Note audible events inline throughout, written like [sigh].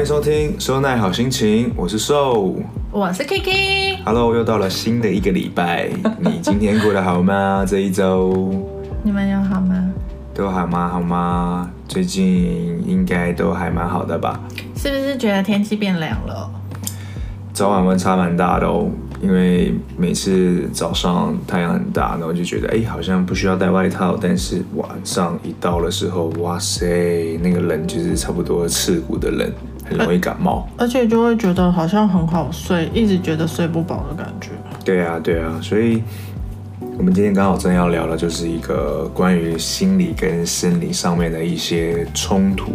歡迎收聽 Soul Night 好心情，我是 Soul，我是 Kiki。Hello，又到了新的一個禮拜，你今天過得好嗎？ [laughs] 這一周你們有好嗎？都好嗎？好嗎？最近應該都還蠻好的吧？是不是覺得天氣變涼了？早晚溫差蠻大的哦，因為每次早上太陽很大，然後就覺得、欸、好像不需要帶外套，但是晚上一到的時候，哇塞，那個冷就是差不多刺骨的冷。很容易感冒，而且就會覺得好像很好睡，一直覺得睡不飽的感覺。對啊，對啊，所以我們今天剛好正要聊的，就是一個關於心理跟生理上面的一些衝突。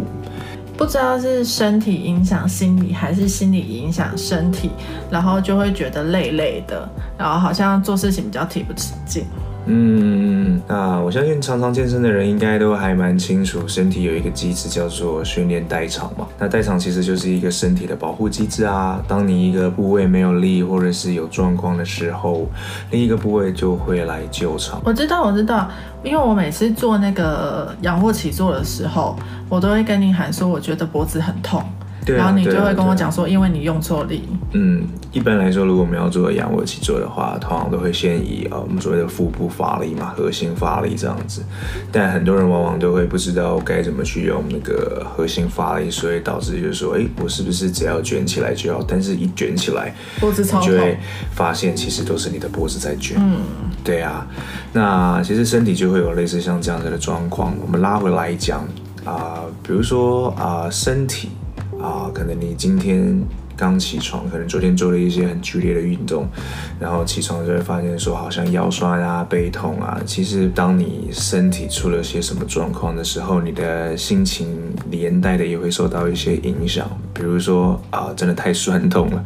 不知道是身體影響心理，還是心理影響身體，然後就會覺得累累的，然後好像做事情比較提不起勁。嗯，那我相信常常健身的人應該都還蠻清楚，身體有一個機制叫做訓練代償嘛。那代償其實就是一個身體的保護機制啊。當你一個部位沒有力或者是有狀況的時候，另一個部位就會來救場。我知道，我知道，因為我每次做那個仰臥起坐的時候，我都會跟你喊說，我覺得脖子很痛。然後你就會跟我講說，因為你用錯力。啊啊啊、嗯，一般來說，如果我們要做仰臥起坐的話，通常都會先以啊我們所謂的腹部發力嘛，核心發力這樣子。但很多人往往都會不知道該怎麼去用那個核心發力，所以導致就是說，誒，我是不是只要卷起來就好？但是一卷起來，脖子超痛，你就會發現其實都是你的脖子在卷。嗯，對啊，那其實身體就會有類似像這樣子的狀況。我們拉回來講啊、呃，比如說啊、呃，身體。啊，可能你今天。剛起床，可能昨天做了一些很劇烈的運動，然後起床就會發現說好像腰酸啊、背痛啊。其實當你身體出了些什麼狀況的時候，你的心情連帶的也會受到一些影響。比如說啊，真的太酸痛了，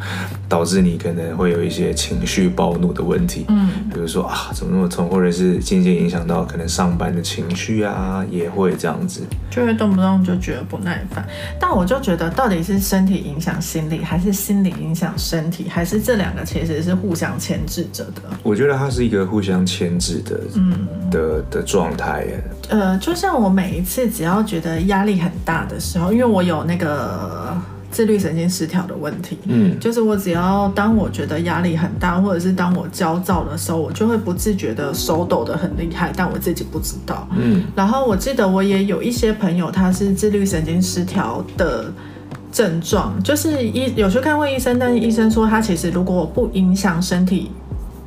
導致你可能會有一些情緒暴怒的問題。嗯。比如說啊，怎麼那麼痛，或者是漸漸影響到可能上班的情緒啊，也會這樣子。就會動不動就覺得不耐煩。但我就覺得到底是身體影響心理，還？是心理影響身體，還是這兩個其實是互相牽制着的？我覺得它是一個互相牽制的，嗯的的狀態耶。呃，就像我每一次只要覺得壓力很大的時候，因為我有那個自律神經失調的問題，嗯，就是我只要當我覺得壓力很大，或者是當我焦躁的時候，我就會不自覺的手抖得很厲害，但我自己不知道，嗯。然後我記得我也有一些朋友，他是自律神經失調的。症狀就是醫有去看過醫生，但是醫生說他其實如果不影響身體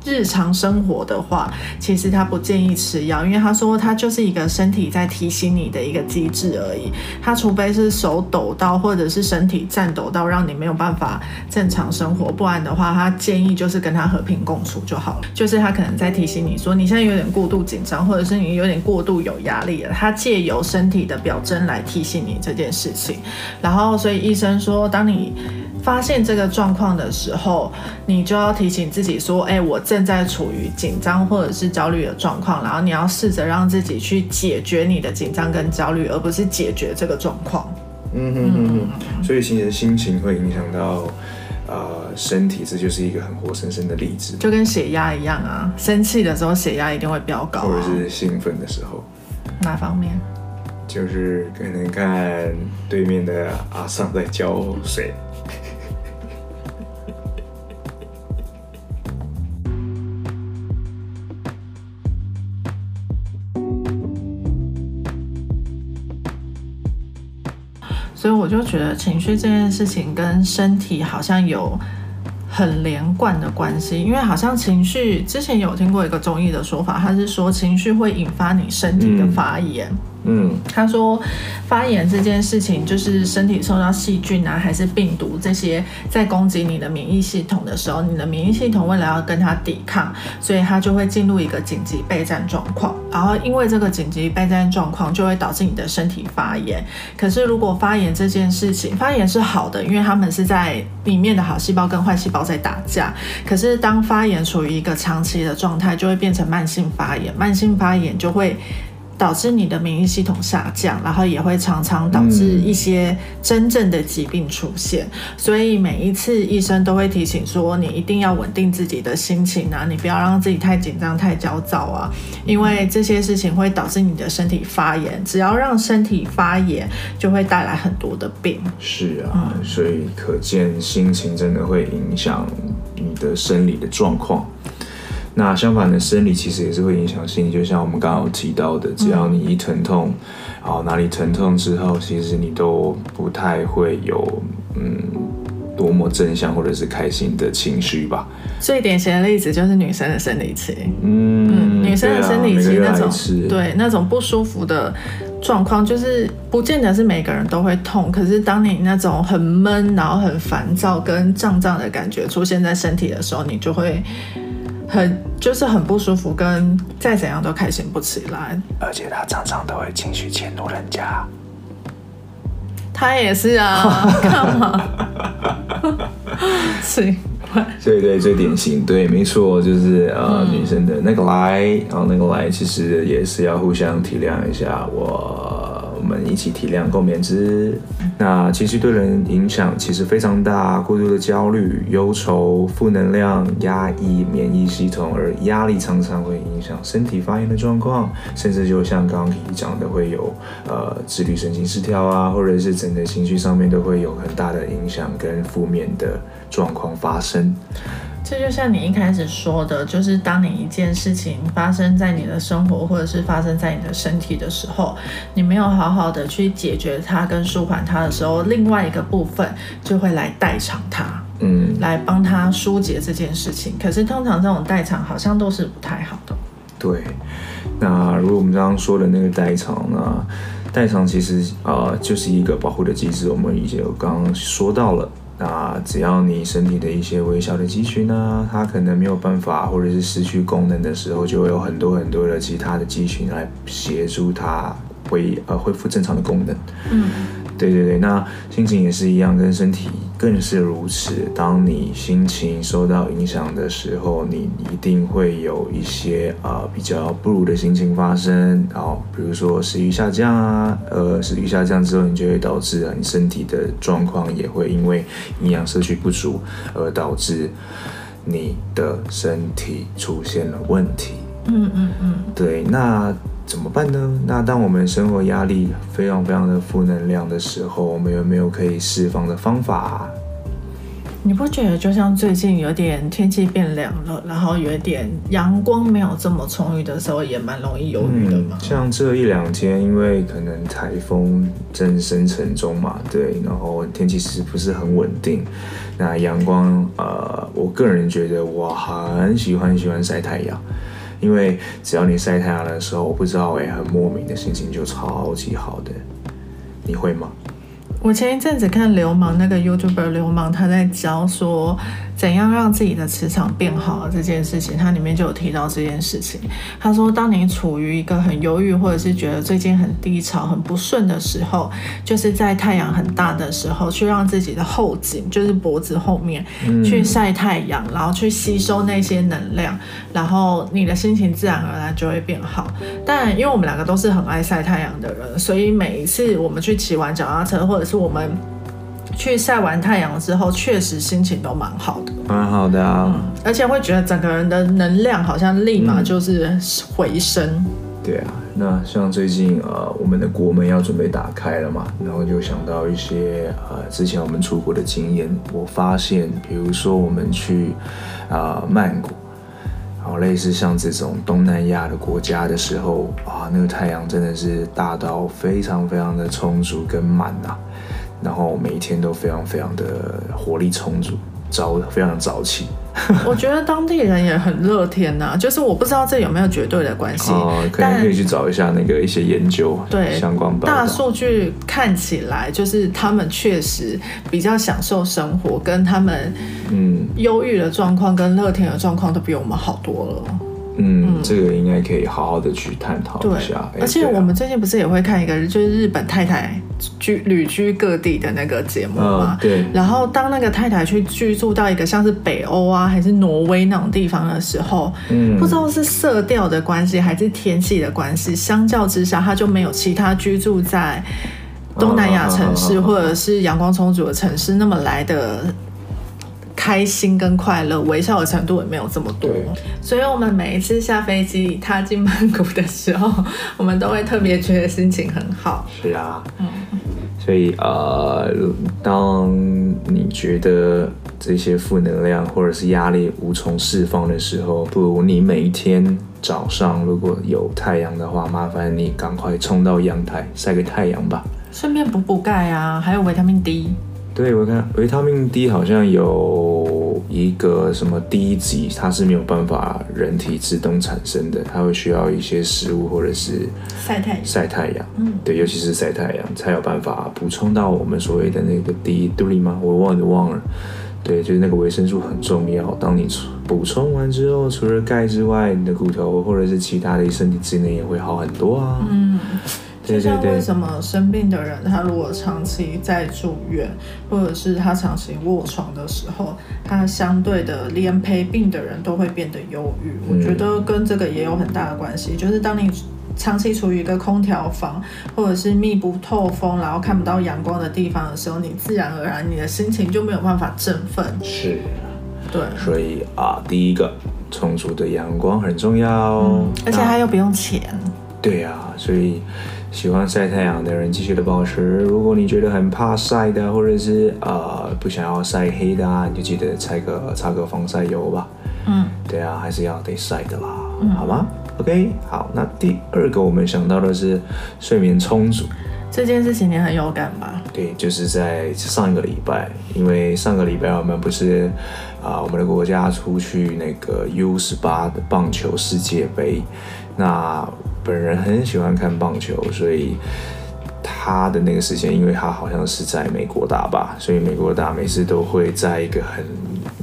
日常生活的話，其實他不建議吃藥，因為他說他就是一個身體在提醒你的一個機制而已。他除非是手抖到，或者是身體顫抖到讓你沒有辦法正常生活，不然的話，他建議就是跟他和平共處就好了。就是他可能在提醒你說，你現在有點過度緊張，或者是你有點過度有壓力了。他借由身體的表徵來提醒你這件事情。然後，所以醫生說，當你。發現這個狀況的時候，你就要提醒自己說：“哎、欸，我正在處於緊張或者是焦慮的狀況。”然後你要試着讓自己去解決你的緊張跟焦慮，而不是解決這個狀況。嗯哼，嗯，哼嗯，所以其實心情會影響到啊、呃、身體，這就是一個很活生生的例子，就跟血壓一樣啊。生氣的時候血壓一定會飆高，啊，或者是興奮的時候，哪方面？就是可能看對面的阿桑在教誰。所以我就覺得情緒這件事情跟身體好像有很連貫的關係，因為好像情緒之前有聽過一個中醫的說法，它是說情緒會引發你身體的發炎。嗯嗯，他說發炎這件事情就是身體受到細菌啊，還是病毒這些在攻擊你的免疫系統的時候，你的免疫系統為了要跟它抵抗，所以它就會進入一個緊急備戰狀況。然後因為這個緊急備戰狀況，就會導致你的身體發炎。可是如果發炎這件事情，發炎是好的，因為他們是在裡面的好細胞跟壞細胞在打架。可是當發炎處於一個長期的狀態，就會變成慢性發炎。慢性發炎就會，導致你的免疫系統下降，然後也會常常導致一些真正的疾病出現。嗯，所以每一次醫生都會提醒說，你一定要穩定自己的心情啊，你不要讓自己太緊張、太焦躁啊，因為這些事情會導致你的身體發炎。只要讓身體發炎，就會帶來很多的病。是啊，嗯，所以可見心情真的會影響你的生理的狀況。那相反的，生理其實也是會影響心理，就像我們剛剛提到的。只要你一疼痛，然後哪裡疼痛之後，其實你都不太會有嗯多麼正向或者是開心的情緒吧。最典型的例子就是女生的生理期，嗯，嗯，女生的生理期，啊那個，那種對那種不舒服的狀況，就是不見得是每個人都會痛，可是當你那種很悶，然後很煩躁跟脹脹的感覺出現在身體的時候，你就會很就是很不舒服，跟再怎樣都開心不起來。而且他常常都會情緒遷怒人家。他也是啊，幹 [laughs] 幹嘛？ [laughs] 是。 [laughs] 對對，最典型，對，沒錯，就是呃、嗯、女生的那個來，然後那個來，其實也是要互相體諒一下我。我們一起體諒共勉之。那情緒對人影響其實非常大，過度的焦慮、憂愁、負能量、壓抑，免疫系統，而壓力常常會影響身體發炎的狀況，甚至就像剛剛你講的，會有呃自律神經失調啊，或者是整個情緒上面都會有很大的影響跟負面的狀況發生。這就像你一開始說的，就是當你一件事情發生在你的生活，或者是發生在你的身體的時候，你沒有好好的去解決它跟舒緩它的時候，另外一個部分就會來代償它，嗯，來幫它疏解這件事情。可是通常這種代償好像都是不太好的。對，那如果我們剛剛說的那個代償呢，代償其實啊、呃，就是一個保護的機制，我們已經剛剛說到了。那只要你身體的一些微小的肌群呢、啊，它可能沒有辦法，或者是失去功能的時候，就會有很多很多的其他的肌群來協助它恢呃、啊、恢復正常的功能。嗯。對對對，那心情也是一樣，跟身體更是如此。當你心情受到影響的時候，你一定會有一些啊、呃、比較不如的心情發生。然後比如說食欲下降啊，呃，食欲下降之後，你就會導致、啊、你身體的狀況也會因為營養攝取不足而導致你的身體出現了問題。嗯嗯嗯，對，那。怎麼辦呢？那當我們生活壓力非常非常的負能量的時候，我們有沒有可以釋放的方法？你不覺得就像最近有點天氣變涼了，然後有點陽光沒有這麼充裕的時候，也蠻容易憂鬱的嗎、嗯？像這一兩天，因為可能台風正生成中嘛，對，然後天氣是不是很穩定？那陽光，呃，我個人覺得我很喜歡喜歡曬太陽。因為只要你曬太陽的時候，我不知道誒，很莫名的心情就超級好的，你會嗎？我前一陣子看流氓那個 YouTuber 流氓，他在教說。怎樣讓自己的磁場變好這件事情，它裡面就有提到這件事情。他說，當你處於一個很憂鬱，或者是覺得最近很低潮、很不順的時候，就是在太陽很大的時候，去讓自己的後頸，就是脖子後面，去曬太陽，然後去吸收那些能量，然後你的心情自然而然就會變好。但因為我們兩個都是很愛曬太陽的人，所以每一次我們去騎完腳踏車，或者是我們，去曬完太陽之後，確實心情都蠻好的，蠻好的啊、嗯。而且會覺得整個人的能量好像立馬就是回升。嗯、對啊，那像最近呃，我們的國門要準備打開了嘛，然後就想到一些呃，之前我們出國的經驗，我發現，比如說我們去啊、呃、曼谷，然後類似像這種東南亞的國家的時候，啊、呃，那個太陽真的是大到非常非常的充足跟滿吶、啊。然後每一天都非常非常的活力充足，早非常早起。 [laughs] 我覺得當地人也很樂天吶、啊，就是我不知道這有沒有絕對的關係？哦，可以可以去找一下那個一些研究，對相關吧。大數據看起來就是他們確實比較享受生活，跟他們嗯憂鬱的狀況跟樂天的狀況都比我們好多了。嗯，嗯這個應該可以好好的去探討一下。欸、而且我們最近不是也會看一個，就是日本太太。居旅居各地的那個節目嘛，oh, 對。然後當那個太太去居住到一個像是北歐啊，還是挪威那種地方的時候，嗯，不知道是色調的關係，還是天氣的關係，相較之下，他就沒有其他居住在東南亞城市或者是陽光充足的城市那麼來的開心跟快樂，微笑的程度也沒有這麼多。所以，我們每一次下飛機踏進曼谷的時候，我們都會特別覺得心情很好。是啊，嗯。所以啊，呃，當你覺得這些負能量或者是壓力無從釋放的時候，不如你每一天早上如果有太陽的話，麻煩你趕快衝到陽台晒個太陽吧，順便補補鈣啊，還有維他命 D。對，我看維他命 D 好像有。一個什麼 D，它是沒有辦法人體自動產生的，它會需要一些食物或者是曬太陽，曬太陽、嗯，對，尤其是曬太陽才有辦法補充到我們所謂的那個 D，對嗎？我忘了忘了，對，就是那個維生素很重要。當你補充完之後，除了鈣之外，你的骨頭或者是其他的身體機能也會好很多啊。嗯。就像為什麼生病的人，他如果長期在住院，或者是他長期臥床的時候，他相對的連陪病的人都會變得憂鬱、嗯。我覺得跟這個也有很大的關係。就是當你長期處於一個空調房，或者是密不透風，然後看不到陽光的地方的時候，你自然而然你的心情就沒有辦法振奮。是、啊，對。所以啊，第一個充足的陽光很重要、嗯。而且他又不用錢。啊、對呀、啊，所以。喜歡曬太陽的人繼續的保持。如果你覺得很怕曬的，或者是呃不想要曬黑的、啊，你就記得擦個擦個防曬油吧。嗯，對啊，還是要得曬的啦，嗯、好嗎？OK，好。那第二個我們想到的是睡眠充足這件事情，你很有感吧？對，就是在上一個禮拜，因為上個禮拜我們不是啊、呃，我們的國家出去那個 U 十八的棒球世界盃，那。本人很喜歡看棒球，所以他的那個時間，因為他好像是在美國打吧，所以美國打每次都會在一個很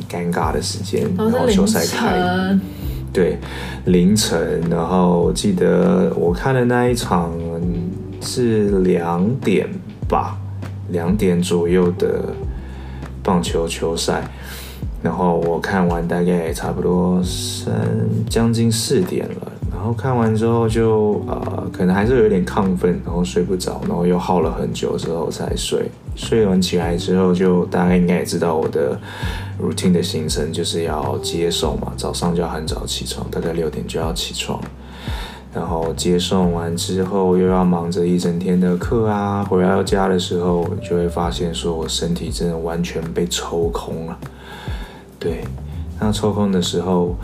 尷尬的時間，然後球賽開、哦，對，凌晨。然後我記得我看的那一場是兩點吧，兩點左右的棒球球賽，然後我看完大概差不多三將近四點了。然後看完之後就呃，可能還是有點亢奮，然後睡不着，然後又耗了很久之後才睡。睡完起來之後就，就大概應該也知道我的 routine 的行程，就是要接送嘛，早上就要很早起床，大概六點就要起床，然後接送完之後又要忙着一整天的課啊。回到家的時候就會發現，說我身體真的完全被抽空了啊。對，那抽空的時候。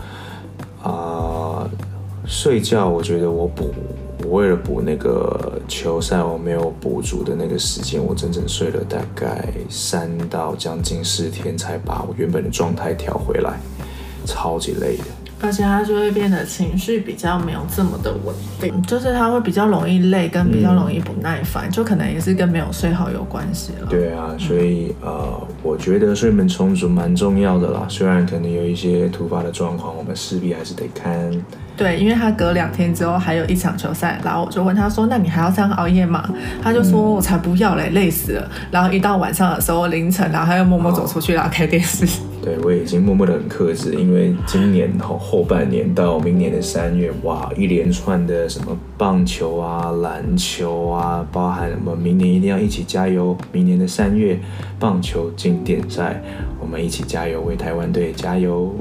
睡覺，我覺得我補，我為了補那個球賽，我沒有補足的那個時間，我整整睡了大概三到將近四天才把我原本的狀態調回來，超級累的。而且他就會變得情緒比較沒有這麼的穩定，就是他會比較容易累，跟比較容易不耐煩、嗯，就可能也是跟沒有睡好有關係了。對啊，嗯、所以呃，我覺得睡眠充足蠻重要的啦。雖然可能有一些突發的狀況，我們勢必還是得看。對，因為他隔兩天之後還有一場球賽，然後我就問他說：“那你還要這樣熬夜嗎？”他就說：“嗯、我才不要嘞，累死了。”然後一到晚上的時候凌晨，然後他又默默走出去然後開電視。Oh. 對，我已經默默的很克制，因為今年後後半年到明年的三月，哇，一連串的什麼棒球啊、籃球啊，包含我們明年一定要一起加油。明年的三月棒球經典賽，我們一起加油，為台灣隊加油。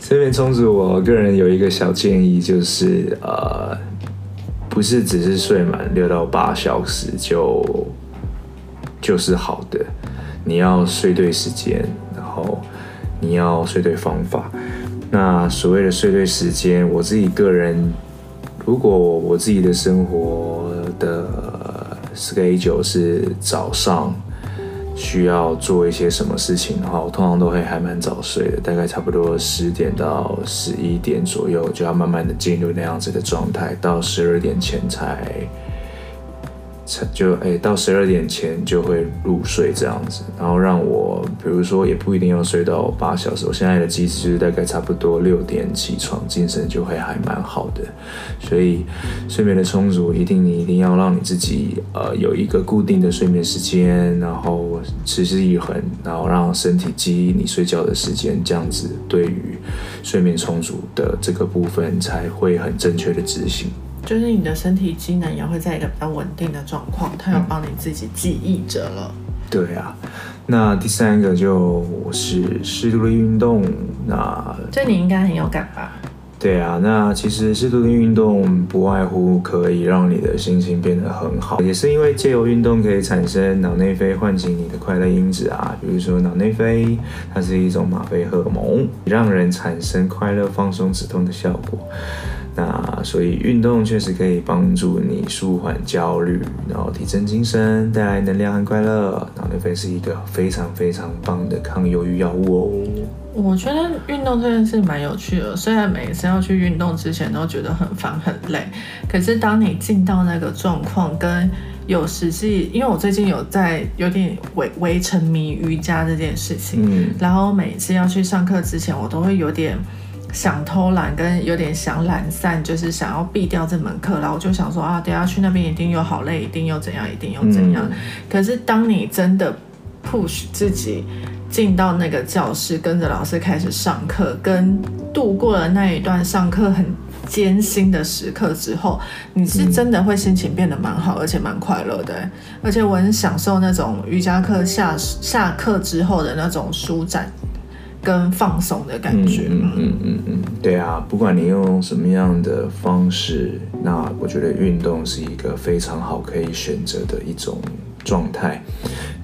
睡眠充足，我個人有一個小建議，就是呃，不是只是睡滿六到八小時就就是好的，你要睡對時間。你要睡對方法，那所謂的睡對時間，我自己個人，如果我自己的生活的 schedule 是早上需要做一些什麼事情的話，我通常都會還蠻早睡的，大概差不多十點到十一點左右就要慢慢的進入那樣子的狀態，到十二點前才。就誒、欸，到十二點前就會入睡這樣子，然後讓我，比如說也不一定要睡到八小時，我現在的機制就是大概差不多六點起床，精神就會還蠻好的。所以睡眠的充足，一定你一定要讓你自己呃有一個固定的睡眠時間，然後持之以恆，然後讓身體記憶你睡覺的時間，這樣子對於睡眠充足的這個部分才會很正確的執行。就是你的身體機能也會在一個比較穩定的狀況，它有幫你自己記憶着了。對啊，那第三個就是適度的運動。那這你應該很有感吧？嗯，對啊，那其實適度的運動不外乎可以讓你的心情變得很好，也是因為借由運動可以產生腦內啡，喚醒你的快樂因子啊。比如說腦內啡，它是一種嗎啡荷爾蒙，讓人產生快樂、放鬆、止痛的效果。那所以運動確實可以幫助你舒緩焦慮，然後提振精神，帶來能量和快樂。腦啡肽是一個非常非常棒的抗憂鬱藥物哦。我覺得運動這件事蠻有趣的，雖然每一次要去運動之前都覺得很煩很累，可是當你進到那個狀況，跟有時是，因為我最近有在有點微微沉迷瑜伽這件事情，嗯，然後每一次要去上課之前，我都會有點。想偷懶跟有點想懶散，就是想要避掉這門課，然後我就想說啊，等下去那邊一定又好累，一定又怎樣，一定又怎樣。嗯。可是當你真的 push 自己進到那個教室，跟着老師開始上課，跟度過了那一段上課很艱辛的時刻之後，你是真的會心情變得蠻好，而且蠻快樂的。而且我很享受那種瑜伽課下下課之後的那種舒展。跟放鬆的感覺，嗯嗯嗯，嗯對啊，不管你用什麼樣的方式，那我覺得運動是一個非常好可以選擇的一種狀態。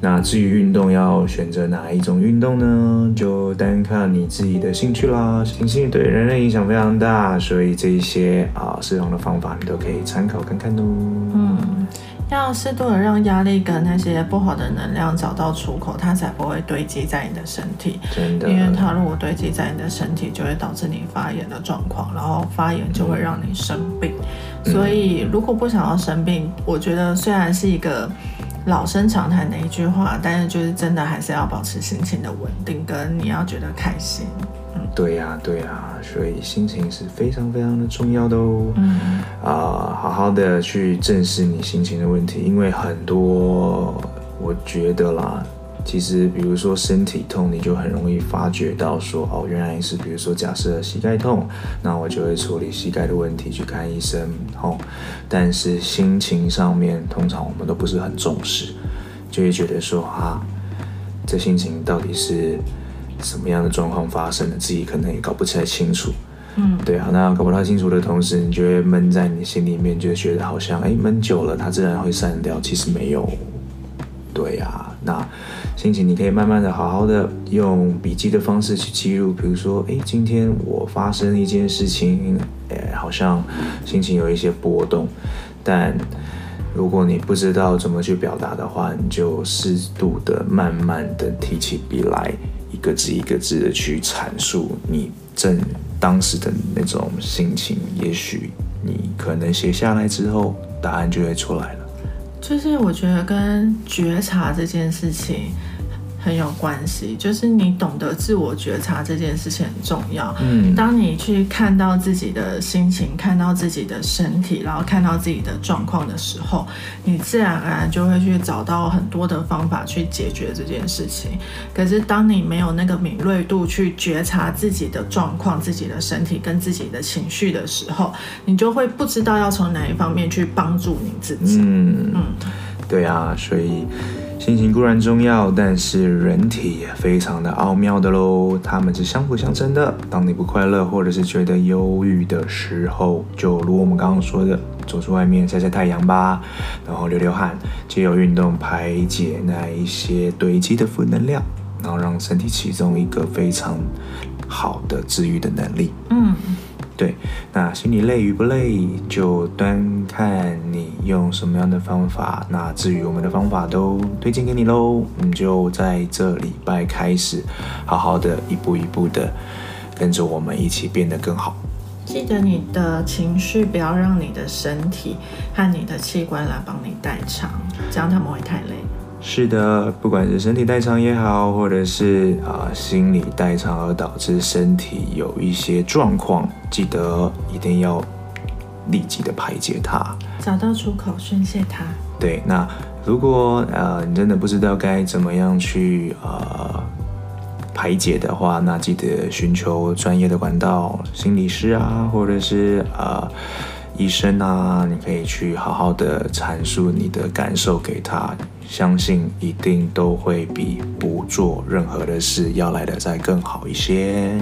那至於運動要選擇哪一種運動呢？就單看你自己的興趣啦。興趣對人類影響非常大，所以這一些啊，適當的方法你都可以參考看看嘍。要適度的讓壓力跟那些不好的能量找到出口，它才不會堆積在你的身體。真的，因為它如果堆積在你的身體，就會導致你發炎的狀況，然後發炎就會讓你生病。嗯。所以，如果不想要生病，嗯，我覺得雖然是一個老生常談的一句話，但是就是真的還是要保持心情的穩定，跟你要覺得開心。對呀、啊，對呀、啊，所以心情是非常非常的重要的哦。啊、嗯呃，好好的去正視你心情的問題，因為很多我覺得啦，其實比如說身體痛，你就很容易發覺到說哦，原來是比如說假設膝蓋痛，那我就會處理膝蓋的問題，去看醫生吼、哦。但是心情上面，通常我們都不是很重視，就會覺得說啊，這心情到底是，什麼樣的狀況發生的，自己可能也搞不太清楚。嗯，對啊，那搞不太清楚的同時，你就會悶在你心裡面，就覺得好像哎，悶、欸、久了它自然會散掉。其實沒有，對啊，那心情你可以慢慢的好好的用筆記的方式去記錄，比如說哎、欸，今天我發生一件事情，誒、欸，好像心情有一些波動。但如果你不知道怎麼去表達的話，你就適度的慢慢的提起筆來。一個字一個字的去闡述你正當時的那種心情，也許你可能寫下來之後，答案就會出來了。就是我覺得跟覺察這件事情。很有關係，就是你懂得自我覺察這件事情很重要。嗯，當你去看到自己的心情，看到自己的身體，然後看到自己的狀況的時候，你自然而然就會去找到很多的方法去解決這件事情。可是，當你沒有那個敏銳度去覺察自己的狀況、自己的身體跟自己的情緒的時候，你就會不知道要從哪一方面去幫助你自己。嗯嗯，對啊，所以。心情固然重要，但是人體也非常的奧妙的嘍，它們是相輔相成的。當你不快樂或者是覺得憂鬱的時候，就如我們剛剛說的，走出外面曬曬太陽吧，然後流流汗，借由運動排解那一些堆積的負能量，然後讓身體啟動一個非常好的治癒的能力。嗯。對，那心裡累與不累，就端看你用什麼樣的方法。那至於我們的方法，都推薦給你嘍。你就在這禮拜開始，好好的一步一步的跟着我們一起變得更好。記得你的情緒，不要讓你的身體和你的器官來幫你代償，這樣他們會太累。是的，不管是身體代償也好，或者是啊、呃、心理代償而導致身體有一些狀況，記得一定要立即的排解它，找到出口宣洩它。對，那如果呃你真的不知道該怎麼樣去呃排解的話，那記得尋求專業的管道，心理師啊，或者是呃醫生啊，你可以去好好的闡述你的感受給他。相信一定都會比不做任何的事要來的再更好一些。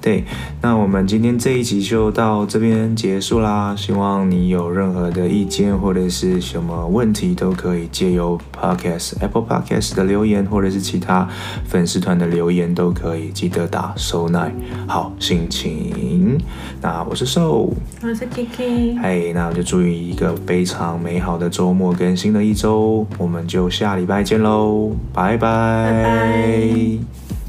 對，那我們今天這一集就到這邊結束啦。希望你有任何的意見或者是什麼問題，都可以借由 podcast Apple podcast 的留言，或者是其他粉絲團的留言都可以。記得打 Soul Night 好心情。那我是 Soul，我是 Kiki。嘿、hey，那我就祝你一個非常美好的周末，跟新的一周，我們就下禮拜見嘍，拜拜。Bye bye